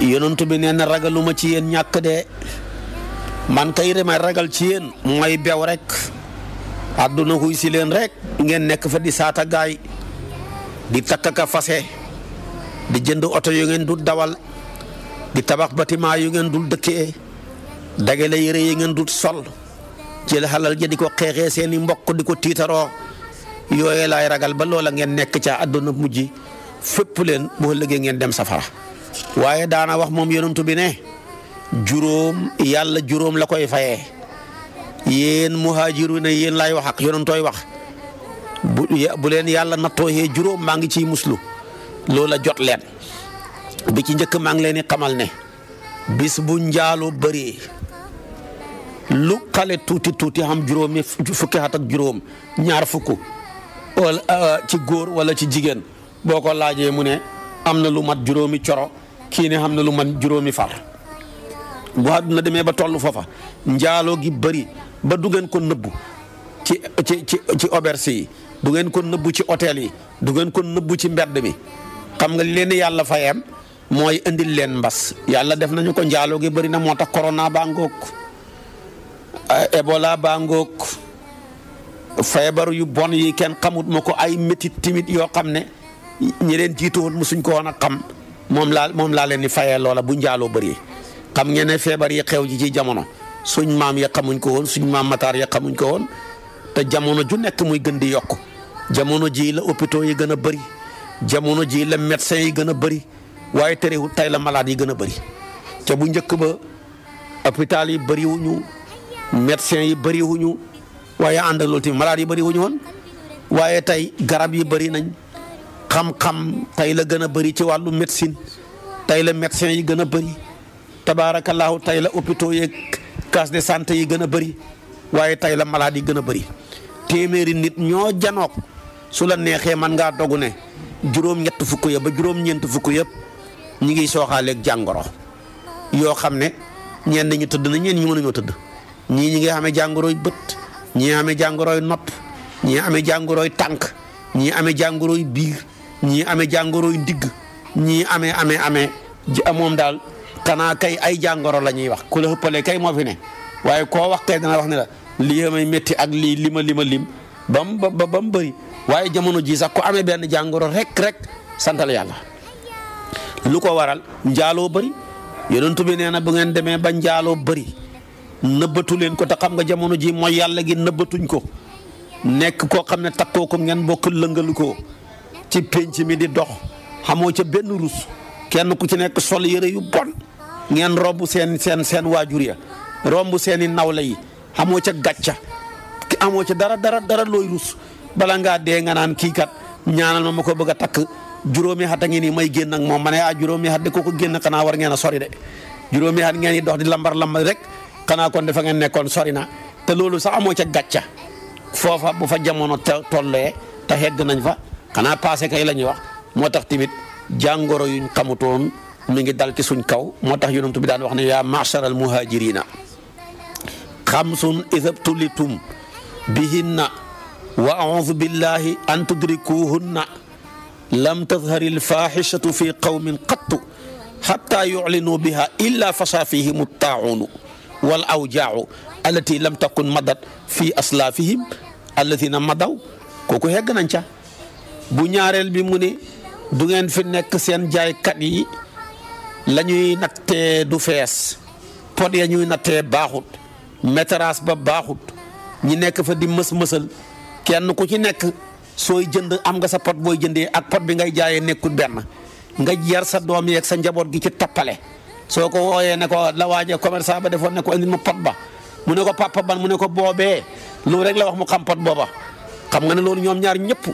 yonentou bi neena ragaluma ci yeen ñak de man kay may ragal ci yeen moy bew rek aduna xuy si len rek ngeen nek fa di sata gay di takka fase di jënd auto yu ngeen dul dawal di tabax bâtiment yu ngeen dul dëkkee dagale yére yi ngeen dul sol jël halal je diko xexé seen mbokk diko titaro yoyé e lay e ragal ba loola ngeen nek ci aduna mujjii fepp len bo legge ngeen dem safara waaye daana wax moom yonent bi ne juróom yàlla juróom la koy faye fayee yéen wi ne yéen laay wax ak yonentooy wax bu bu leen yàlla nattoo yee juróom maa ngi ciy muslu loola jot leen bi ci njëkk maa ngi leen di xamal ne bis bu njaaloo bëree lu xale tuuti tuuti xam juróomi fukki at ak juróom ñaar fukk euh, ci góor wala ci jigéen boo ko laajee mu ne am na lu mat juróomi coro kini ne xamna lu man juromi far bu àdduna deme ba tollu fofa njaaloo gi bëri ba du ngeen ko neub ci ci ci ci auberge yi du ngeen ko neub ci hotel yi du ngeen ko neub ci mbedd mi xam nga leen yalla fayam moy andil leen mbass yalla def nañu ko njaaloo gi na motax corona baa ebola baa ngoog feebar yu bon yi ken xamut mako ay métit timit yo xamne ne ñi leen jiitu woon musuñ ko wona xam moom laa moom laa leen di fayee loola bu njaaloo bari xam ngeen ne feebar yi xew ji ci jamono suñ maam ya xamuñ ko woon suñ maam mataar ya xamuñ ko woon te jamono ju nekk muy gën di yokk jamono ji la hôpitaux yi gën a bari jamono ji la médecins yi gën a bëri waaye terewul tey la malade yi gën a bari te bu njëkk ba hôpital yi bëriwuñu médecins yi bëriwuñu waaye ànd ak loolu tamit malade yi bëriwuñu woon waaye tey garab yi bëri nañ. xam-xam tey la gën a bari ci wàllu médecine tey la médecin yi gën a bëri tabaarakallaahu tey la hôpitaux yeeg case de yi gën a bëri waaye tey la malade yi gën a bëri téeméeri nit ñoo janoog su la neexee man ngaa dogu ne juróom-ñett fukk yëpp ba juróom-ñeent fukk yëpp ñi ngi sooxaaleek jàngoro yoo xam ne ñenn ñu tëdd na ñeen ñu mënuñoo tëdd ñii ñi ngi amee jàngoroy bët ñii amee jàngoroy nopp ñii amee jàngoroy tànk ñii amee jàngoroy biir ñii amee jàngoroy ndigg ñii amee amee amee moom daal xanaa kay ay jàngoro la wax ku la xëppale kay moo fi waaye koo wax kay dana wax ne la lii may métti ak lii lima lima lim ba mu ba waaye jamono ji sax ko amee benn jàngoro rek rek santal yàlla lu ko waral njaaloo bëri yonent bi nee na bu ngeen demee ba njaaloo bari nëbbatu leen ko te xam nga jamono ji mooy yàlla gi nëbbatuñ ko nekk koo xam ne takkoo ko ngeen bokk lëngalu ko ci penc mi di dox xamoo ca benn rus kenn ku ci nekk sol yëre yu bon ngeen romb seen seen seen waajur ya romb i nawle yi xamoo ca gàcca amoo ca dara dara dara looy rus bala ngaa dee nga naan kii kat ñaanal ma ma ko bëgg a takk juróomi xat a ngi nii may génn ak moom ma ne ah juróomi xat de ko ko génn xanaa war ngeen a sori de juróomi xat ngeen di dox di lambar lambar rek xanaa kon dafa ngeen nekkoon sori na te loolu sax amoo ca gàcca foofa bu fa jamono tollee te hegg nañ fa xanaa passé kay la ñuy wax moo tax tamit jàngoro yuñ xamutoon mi ngi dal ci suñ kaw moo tax yonent bi daan wax ne yaa macharal muhajirina xamsun isabtulitum bihinna wa audu billahi an tudrikuhunna lam tadhari alfaxishatu fi qawmin qattu xatta yuclinuu biha illa fasha fihim taaunu wal awjaau allati lam takun madat fi aslaafihim allatina madaw kooku hegg nañ ca bu ñaareel bi mu ni du ngeen fi nekk seen jaay kat yi la ñuy nattee du fees pot ya ñuy nattee baaxut métérage ba baaxut ñi nekk fa di mës-mësal kenn ku ci nekk sooy jënd am nga sa pot booy jëndee ak pot bi ngay jaayee nekkul benn nga jar sa doom yeeg sa njaboot gi ci tappale soo ko wooyee ne ko la waaje commerçant ba defoon ne ko ma pot ba mu ne ko papa ban mu ne ko boobee loolu rek la wax mu xam pot booba xam nga ne loolu ñoom ñaar ñëpp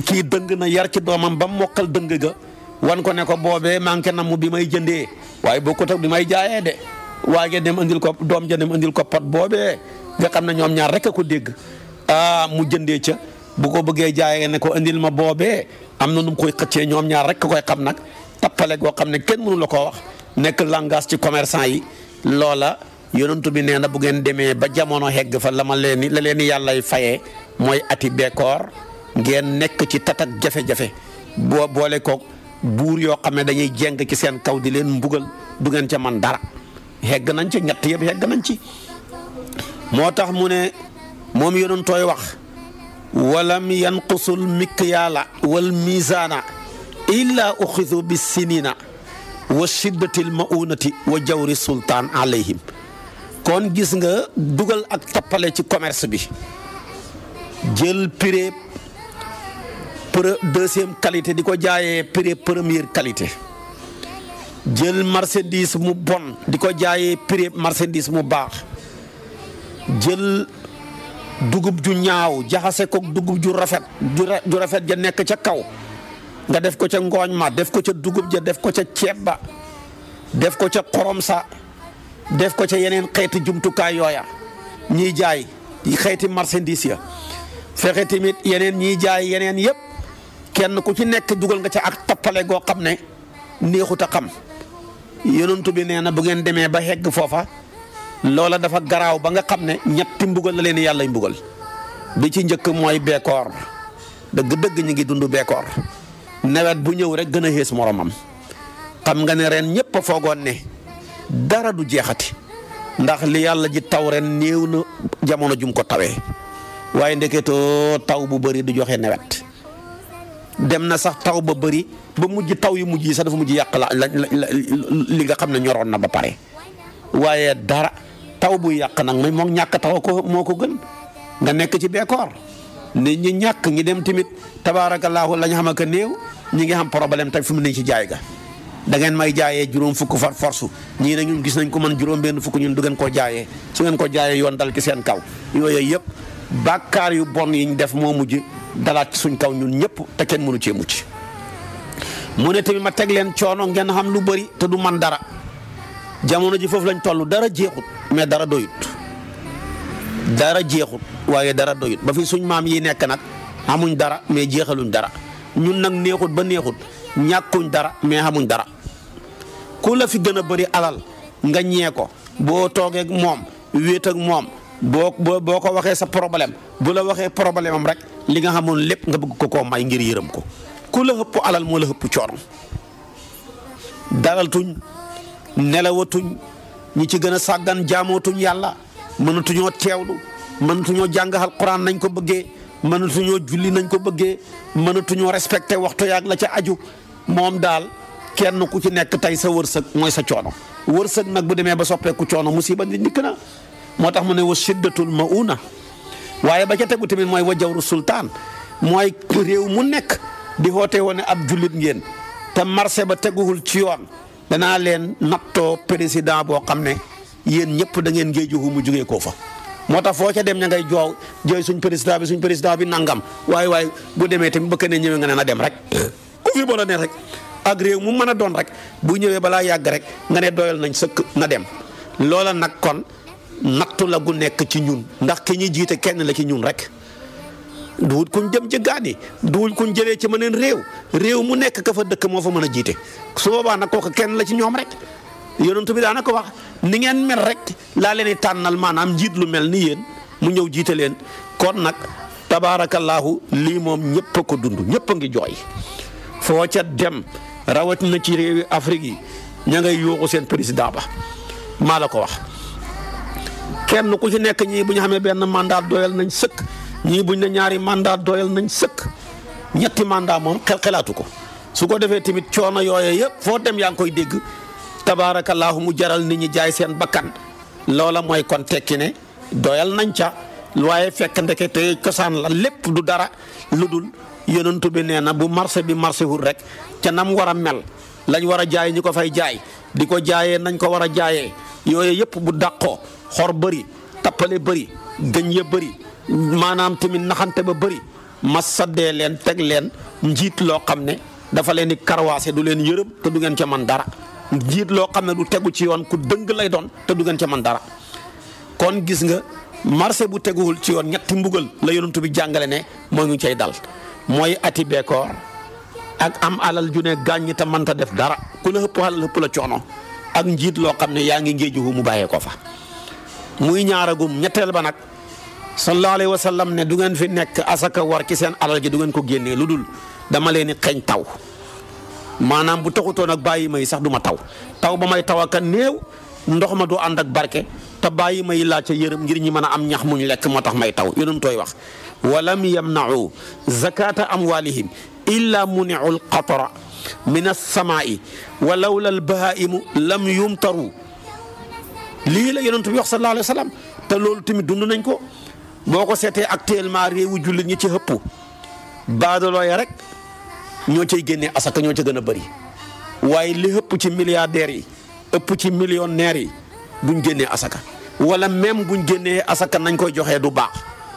kii deung na yar ci doomam bam mokkal deung ga wan ko ne ko bobé manké na mu bi may jëndé way bokkut ak bi may jaayé dé waage dem andil ko doom ja andil ko pat bobé nga xamna ñom ñaar rek ko dégg ah mu jëndé ca bu ko bëggé jaayé ne ko andil ma bobé am num koy xëccé ñom ñaar rek koy xam nak tapalé go xamné ne kenn mënu la ko wax nek langage ci commerçant yi lola yonentou bi neena bu gene demee ba jamono hegg fa lama leni la leni yalla fayé moy ati bekor ngeen nekk ci tatak jafe-jafe boo boole koog buur yoo xam ne dañuy jeng ci seen kaw di leen mbugal du ngeen ca man dara hegg nañ ci ñett yëpp hegg nañ ci moo tax mu ne moom yonun tooy wax walam yanqusul mikyaala wal misaana illa uxidu bi sinina wa shiddatil maunati wa jawri sultaan alayhim kon gis nga dugal ak tappale ci commerce bi jël pireeb pre deuxième qualité di ko jaayee prix première qualité jël marchandise mu bon di ko jaayee prix marchandise mu baax jël dugub ju ñaaw jaxase ko dugub ju rafet ju rafet ja nekk ca kaw nga def ko ca ngooñ ma def ko ca dugub ja def ko ca ceeb ba def ko ca xorom sa def ko ca yeneen xeeti jumtukaay yooya ñiy jaay xeeti marchandise ya fexe tamit yeneen ñiy jaay yeneen yëpp kenn ku ci nek duggal nga ci ak topale go xamne ne ta xam yonentou bi neena bu ngeen deme ba hegg fofa lola dafa graw ba nga xamne ne ñetti mbugal la leen yalla mbugal bi ci ñeuk moy bekor deug deug ñi ngi dundu bekor nawet bu ñew rek gëna hees moromam xam nga ne ren ñepp fogon ne dara du jeexati ndax li yalla ji taw ren neewna jamono jum ko tawé waye ndeketo taw bu bëri du joxe nawet dem na sax taw ba bëri ba mujj taw yu mujj yi sax dafa mujj yàq la li nga xam ne ñoroon na ba pare waaye dara taw bu yàq nag mooy moom ñàkk taw ko moo ko gën nga nekk ci bekkoor nit ñi ñàkk ñi dem tamit tabaarakallaahu la ñu xam que néew ñi ngi xam problème tamit fu mu ne ci jaay ga. da ngeen may jaayee juróom fukk far force ñii ne ñun gis nañ ko man juróom benn fukk ñun du ngeen koo jaayee su ngeen ko jaayee yoon dal ci seen kaw yooyu yëpp. bàkkaar yu bon yi ñu def moo mujj dalaat suñ kaw ñun ñëpp te kenn mënu cee mucc mu ne tamit ma teg leen coono ngeen xam lu bëri te du man dara jamono ji foofu lañ toll dara jeexut mais dara doyut dara jeexut waaye dara doyut ba fi suñ maam yi nekk nag amuñ dara mais jeexaluñ dara ñun nag neexut ba neexut ñàkkuñ dara mais amuñ dara ku la fi gën a bëri alal nga ñee ko boo toogee moom wéet ak moom. boo boo ko waxee sa problème bu la waxee problème am rek li nga xamoon lépp nga bëgg ko koo may ngir yërëm ko ku la ëpp alal moo la ëpp coono dalaltuñ nelawatuñ ñi ci gën a sàggan jaamootuñ yàlla mënatuñoo teewlu mënatuñoo jàng alxuraan nañ ko bëggee mënatuñoo julli nañ ko bëggee mënatuñoo respecté waxtu yaag la ca aju moom daal kenn ku ci nekk tey sa wërsëg mooy sa coono wërsëg nag bu demee ba soppeeku coono musiba nit dikk na moo tax mu ne wa shiddatul mauna waaye ba ca tegu tamit mooy wa jawru sultaan mooy réew mu nekk di xoote woone ab jullit ngeen te marché ba teguwul ci yoon danaa leen nattoo président boo xam ne yéen ñëpp da ngeen ngee joxu mu jugee koo fa moo tax foo ca dem ña ngay joow jooy suñ président bi suñ président bi nangam waaye waaye bu demee tamit bëkk ne ñëwee nga ne na dem rek ku fi bon a ne rek ak réew mu mën a doon rek bu ñëwee balaa yàgg rek nga ne doyal nañ sëkk na dem loola nag kon nattu la gu nekk ci ñun ndax ki ñuy jiite kenn la ci ñun rek duwut kuñ dem jëggaani duwut kuñ jëlee ci mëneen réew réew mu nekk ka fa dëkk moo fa mën a jiite su boobaa nag kooku kenn la ci ñoom rek yonent bi daanaka wax ni ngeen mel rek laa leen tànnal maanaam njiit lu mel ni yéen mu ñëw jiite leen kon nag tabaarakallaahu lii moom ñëpp ko dund ñëpp a ngi jooy foo ca dem rawatina ci réewi Afrique yi ña ngay yooxu seen président ba maa la ko wax kenn ku ci nekk ñi buñu xamé benn mandat doyal nañ sëkk ñi buñ ne ñaari mandat doyal nañ sëkk ñetti mandat moom xel ko su ko defee tamit coono yooye yëpp foo dem yaa ngi koy dégg tabarakallahu mu jaral nit ñi jaay seen bakkan loola mooy kon tekki ne doyal nañ ca waaye fekk ndeke te la lépp du dara lu dul bi nee na bu marché bi marché rek ca nam war mel lañ war a jaay ñi ko fay jaay di ko jaayee nañ ko war a jaayee bu dàqoo xor bari tapale bari gëñ ye bari manam tamit naxante ba bari ma sadde len tek len njit lo xamne dafa len di karwaase du len yeureup te du ngeen ci man dara njit lo xamne du teggu ci yoon ku deung lay don te du ngeen ci man dara kon gis nga marché bu teggul ci yoon ñetti mbugal la bi jangale ne mo ngi cey dal moy ati bekor, ak am alal ju ne ta man ta def dara ku la ëpp alal la ak njit lo xamne mu baye ko fa muy ñaaragum ñetteel ba nag sallallahu alayhi wa sallam ne du ngeen fi nekk asaka war ci seen alal ji du ngeen ko génne lu dul dama leen di taw maanaam bu taxutoon ak bàyyi may sax du ma taw taw ba may taw ak néew ndox ma du ànd ak barke te bàyyi may laaj ca ngir ñi mën a am ñax muñ lekk moo tax may taw yonum tooy wax walam yamna'u zakata amwalihim illa muni'u al qatra min as-samaa'i wa lawla al bahaa'imu lam yumtaru lii la yonent bi wax sallallahu alayhi wa sallam te loolu tamit dund nañ ko boo ko seetee actuellement réewu jullit ñi ci ëpp baadaloo rek ñoo cay génne asaka ñoo ca gën a bari waaye li ëpp ci milliardaires yi ëpp ci millionnaires yi buñ génnee asaka wala même guñ génnee asaka nañ koy joxee du baax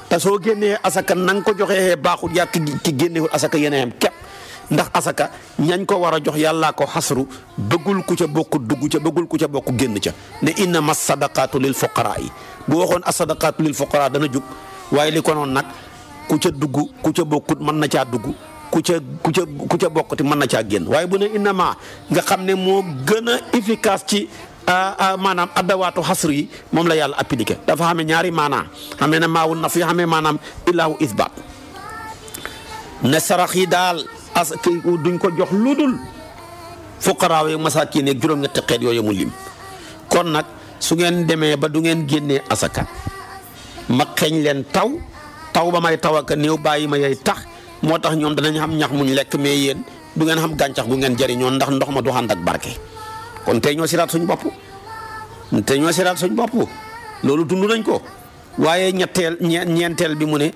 te soo génnee asaka na nga ko joxee baaxul yàq ki génnewul asaka yeneen képp ndax asaka ñañ ko war a jox yàllaa ko xasru bëggul ku ca bokk dugg ca bëggul ku ca bokk génn ca ne innama sadaqaatu lil fuqaraa yi bu waxoon asadaqaatu lil fuqaraa dana jub waaye li ko noon nag ku ca dugg ku ca bokkut mën na caa dugg ku ca ku ca ku ca bokkati mën na caa génn waaye bu ne innama nga xam ne moo gën a efficace ci maanaam addawaatu xasr yi moom la yàlla appliqué dafa xamee ñaari maanaa xamee ne maawu naf yi xamee maanaam illaahu isbaat ne sarax daal as duñ ko jox ludul fuqaraaw yi masaakiin yeeg juróom-ñetti xeet yooyu mu lim kon nag su ngeen demee ba du ngeen génnee asaka ma xeeñ leen taw taw ba may taw ak néew bàyyi ma yay tax moo tax ñoom danañ xam ñax muñ lekk mais yéen du ngeen xam gàncax gu ngeen jëriñoo ndax ndox ma du ànd ak barke. kon tey ñoo siraat suñ bopp tey ñoo siraat suñ bopp loolu dund nañ ko waaye ñetteel ñeenteel bi mu ne.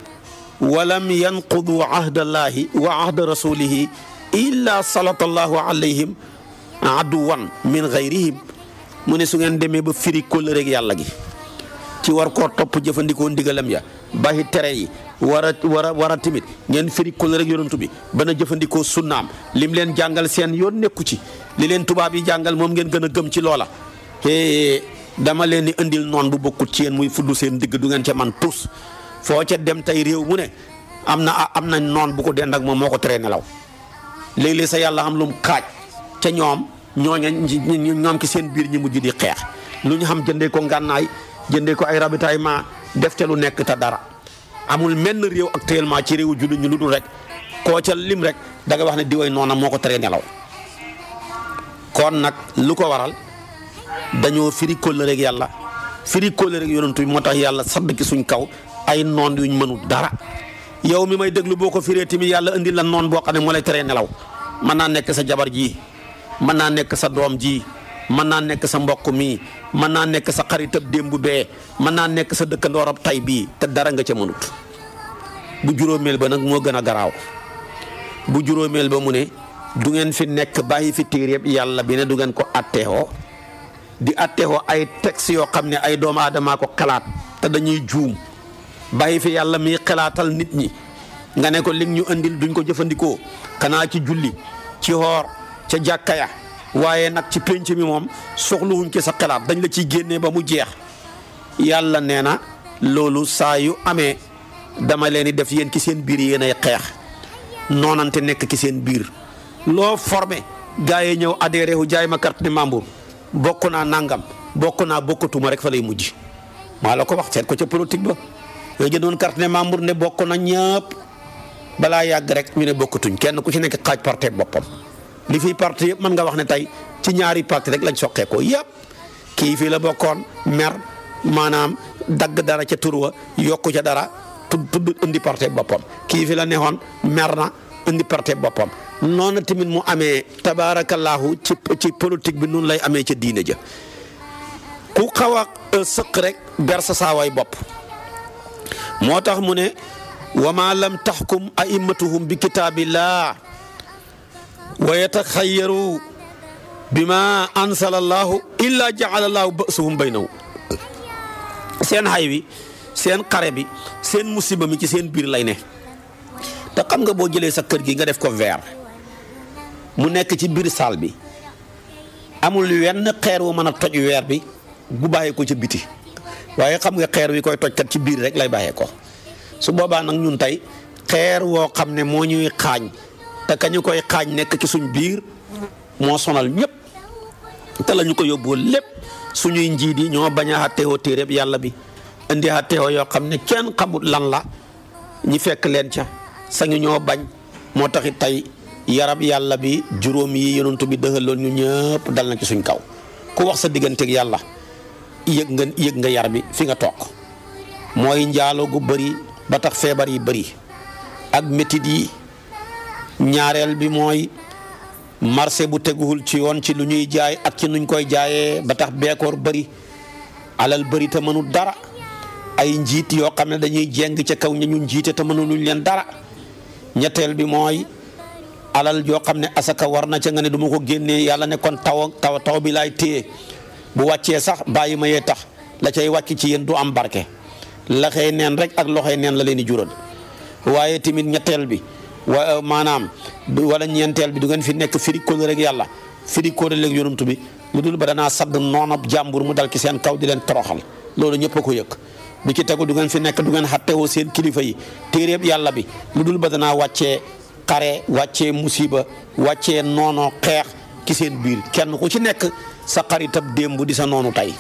walam yanqudu ahdallahi wa ahda rasulihi illa salatallahu Alaihim aduwan min ghairihim mu ne su ngeen demee ba firi kóllëre ak yàlla gi ci war koo topp jëfandikoo ndigalam ya bàyyi tere yi Wara Wara timit ngeen firi kóllëre ak yonantu bi bana jëfandikoo sunnaam lim leen jàngal seen yoon nekku ci li leen tubaab yi jàngal moom ngeen gën a gëm ci loola dama leen di indil noon bu ci muy digg du ngeen man tous foo ca dem tey réew mu ne am na a am na noon bu ko dend ak moom moo ko teree nelaw léegi léeg sa yàlla am lu mu xaaj ca ñoom ñooña ñoom ci seen biir ñi mujj di xeex lu ñu xam jëndee ko ngànnaay jëndee ko ay ravitaillement def ca lu nekk te dara amul menn réew actuellement ci réewu jullit ñu lu dul rek koo ca lim rek da wax ne diway noona moo ko teree nelaw kon nag lu ko waral dañoo firi kóllëre ak yàlla firi kóllëre rek yonent bi moo tax yàlla sadd ci suñ kaw ay noon yuñ mënul dara yow mi may déglu boo ko firee tamit yàlla indi la noon boo xam ne moo lay teree nelaw mën naa nekk sa jabar ji mën naa nekk sa doom ji mën naa nekk sa mbokk mi mën naa nekk sa xaritab démb bee mën naa nekk sa dëkkandoorab tay bii te dara nga ca mënut bu juróomeel ba nag moo gën a garaaw bu juróomeel ba mu ne du ngeen fi nekk bàyyi fi tiir yëpp yàlla bi ne du ngeen ko atteewoo di atteewoo ay texte yoo xam ne ay doomu aadamaa ko xalaat bàyyi fi yàlla mi xalaatal nit ñi nga ne ko lim ñu andil duñ ko jëfandikoo xanaa ci julli ci xoor ca ya waaye nag ci pénc mi moom soxluwuñ ci sa xalaat dañ la ciy génnee ba mu jeex yàlla nee na loolu saa yu amee dama leen di def yéen ki seen biir yéen ay xeex noonante nekk ci seen biir loo formé gars yi ñëw adhéré wu jaay ma carte de membre bokk naa nangam bokk naa bokkatuma rek fa lay mujj maa la ko wax seet ko ca politique ba. ñoo jëndoon carte ne membre ne bokk na ñëpp balaa yàgg rek ñu ne bokkatuñ kenn ku ci nekk xaaj parti boppam li fi parti yëpp mën nga wax ne tey ci ñaari parti rek lañ soqee ko yëpp kii fii la bokkoon mer maanaam dagg dara ca tur wa yokku ca dara tudd tudd indi parti boppam kii fi la neexoon mer na indi parti boppam noonu tamit mu amee tabaarakallaahu ci ci politique bi noonu lay amee ca diine ja ku xaw a euh, sëq rek ber sa saawaay bopp moo tax mu ne wa ma lam taxkum a'immatuhum bi kitaabillah wa yataxayyaru bima ansala allahu illa jaala allahu basuhum seen xay wi seen xare bi seen musiba mi ci seen biir lay ne te xam nga boo jëlee sa kër gi nga def ko verre mu nekk ci biir saal bi amul wenn xeer wu mën a toj weer bi bu bàyyi ko ca biti waaye xam nga xeer wi koy toj kat ci biir rek lay bàyyee ko su boobaa nag ñun tey xeer woo xam ne moo ñuy xaañ te kañu koy xaañ nekk ci suñ biir moo sonal ñëpp te la ko yóbboo lépp suñuy njiit yi ñoo bañ a àtteewoo téereb yàlla bi indi àtteewoo yoo xam ne kenn xamut lan la ñi fekk leen ca sañu bañ moo taxit tey yarab yàlla bi juróom yi yonent bi dëxaloon ñu ñëpp dal na ci suñ kaw ku wax sa digganteeg yàlla yëg nga yëg nga yar bi fi nga toog mooy njaalo gu bëri ba tax feebar yi bëri ak métit yi ñaareel bi mooy marché bu teguwul ci yoon ci lu ñuy jaay ak ci nuñ koy jaayee ba tax bari alal bari te mënul dara ay njiit yoo xam ne dañuy jeng ca kaw ñu njiite te mënuluñ leen dara ñetteel bi mooy alal yoo xam ne asaka war na ca nga ne duma ko génnee yàlla ne kon taw taw taw bi laay téye bu wàccee sax bàyyi ma tax la cay wàcc ci yéen du am barke laxey neen rek ak loxoy neen la leen di jural waaye tamit ñetteel bi wa euh, maanaam wala ñeenteel bi du ngeen fi nekk firi kóol rek yàlla firi kóol rek yonumtu bi lu dul ba danaa sadd noonab jàmbur mu dal ci seen kaw di leen toroxal loolu ñëpp ko yëg bi ci tegu du ngeen fi nekk du ngeen xattewoo seen kilifa yi yàlla bi lu dul ba danaa wàccee xare wàccee musiba wàccee noonoo xeex ci seen biir kenn ku ci nekk sa xaritab démb di sa noonu tey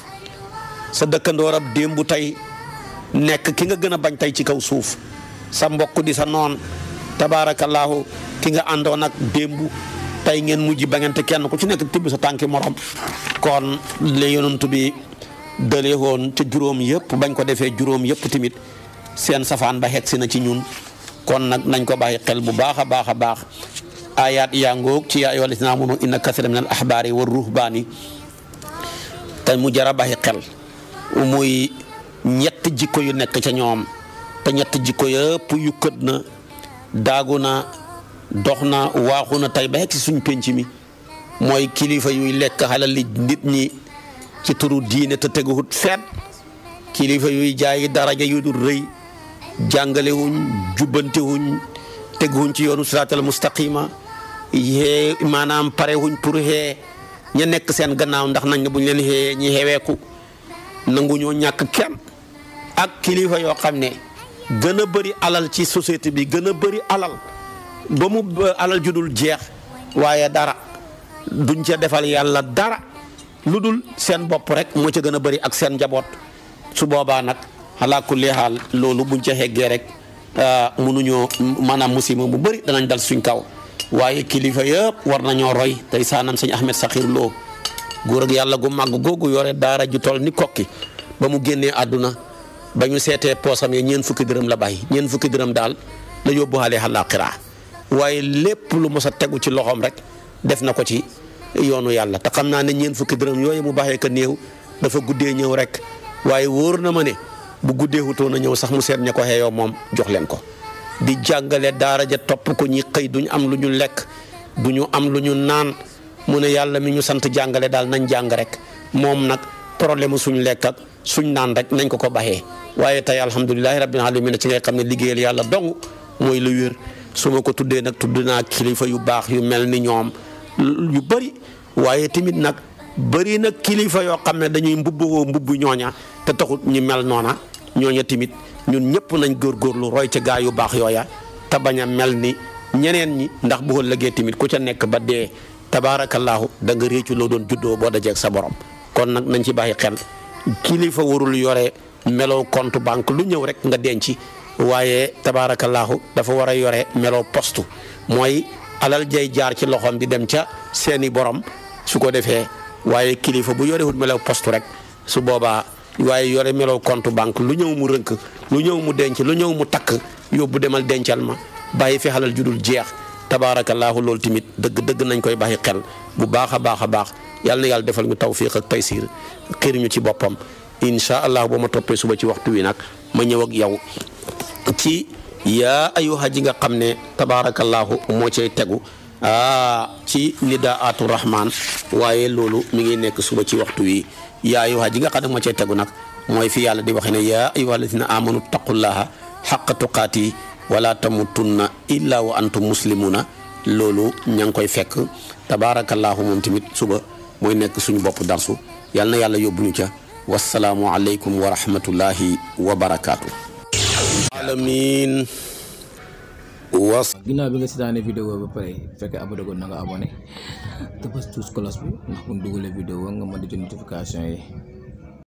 sa dëkkandoorab démb tey nekk ki nga gën a bañ tey ci kaw suuf sa mbokk di sa noon tabaarakallaahu ki nga àndoon ak démb tey ngeen mujj bangante kenn ku ci nekk tibb sa tànki morom kon li yonent bi dëlee woon ca juróom yëpp bañ ko defee juróom yëpp tamit seen safaan ba xegsi na ci ñun kon nag nañ ko bàyyi xel bu baax a baax a baax ayaat yaa ngoog ci yaa ayyuhal lazina aamanu inna kasiran minal ahbaari war ruhbaani te mu jar a bàyyi xel muy ñett jikko yu nekk ca ñoom te ñett jikko yëpp yu na daagu na dox na waaxu na tey ba ci suñ penc mi mooy kilifa yuy lekk xalali nit ñi ci turu diine te teguwut feet kilifa yuy jaayi daraja yu dul rëy jàngalewuñ jubbantewuñ teguwuñ ci yoonu siraatal mustaqima yee maanaam pare wuñ pour xee ña nekk seen gannaaw ndax nañ ne buñ leen xee ñi xeweeku nanguñoo ñàkk kenn ak kilifa yoo xam ne gën a bëri alal ci société bi gën a bëri alal ba mu alal dul jeex waaye dara duñ ca defal yàlla dara lu dul seen bopp rek moo ca gën a bëri ak seen njaboot su boobaa nag ala kulli xaal loolu buñ ca xeggee rek ah, mënuñoo maanaam musiba bu bëri danañ dal suñ kaw. waaye kilifa yëpp war nañoo roy tey saanam sëñ Ahmed Sakhir loo góor ak yàlla gu màgg googu yore daara ju tool ni kokki ba mu génnee àdduna ba ñu seetee poosam yi ñeen fukki dërëm la bàyyi ñeen fukki dërëm daal la yóbbuwaale àllaaxira waaye lépp lu mos a tegu ci loxoom rek def na ko ci yoonu yàlla te xam naa ne ñeen fukki dërëm yooyu mu baaxee ko néew dafa guddee ñëw rek waaye wóor na ma ne bu guddee wutoon a ñëw sax mu seet ña ko xeeyoo moom jox leen ko. di jangale dara ja top ko ñi xey duñ am luñu lek lekk duñu am luñu naan mu ne yalla mi ñu sant jangale dal nañ jang rek mom nak problème suñ lek ak suñ naan rek nañ ko ko waye tay alhamdullilah rabbil alamin ci ngay xamne yalla dong moy lu wër suma ko tuddé nak tudduna kilifa yu bax yu mel ni yu bari waye timit nak bari nak kilifa yo xamne dañuy mbubboo mbubbu ñoña te taxut ñi mel nona ñoña timit ñun ñëpp nañ góorgóorlu roy ca gaa yu baax yooya tabaña mel ni ñeneen ñi ndax bu ëllëgee tamit ku ca nekk ba dee tabaarakallaahu da nga réccu loo doon juddoo boo dajeeg sa borom kon nag nañ ci bàyyi xel kilifa warul yore meloo compte banque lu ñëw rek nga denc waaye tabaarakallaahu dafa war a yore meloo poste mooy alal jay jaar ci loxoom di dem ca seeni borom su ko defee waaye kilifa bu yorewut meloo poste rek su boobaa. waaye yore meloo compte banque lu ñëw mu rënk lu ñëw mu denc lu ñëw mu takk yóbbu demal dencal ma bàyyi fi xalal ju dul jeex tabaarakallaahu loolu tamit dëgg dëgg nañ koy bàyyi xel bu baax a baax a baax yàlla na yàlla defal ñu tawfiq ak taysiir xir ñu ci boppam incha allah boo ma toppee suba ci waxtu wi nag ma ñëw ak yow ci yaa ayuha ji nga xam ne tabaarakallaahu moo cay tegu aa ci nidaatu rahman waaye loolu mu ngi nekk suba ci waxtu wi yaa ayyuha ji nga moo cay tegu nag mooy fi yàlla di waxee ne yaa ayyuha alladina amanu taqullaha xaqa tuqaati wala tamutunna illa wa antum muslimuna loolu ña ngi koy fekk tabaarakallaahu moom tamit suba mooy nekk suñu bopp darsu yàlla na yàlla yóbbuñu ca wasalaamu aleykum wa rahmatullahi wa barakaatu. alamin was ginnaaw bi nga seetaanee vidéo ba pare fekke abonné ko na nga abonné te bës touche cloche bi ndax bu ñu dugalee vidéo nga mën di jot notification yi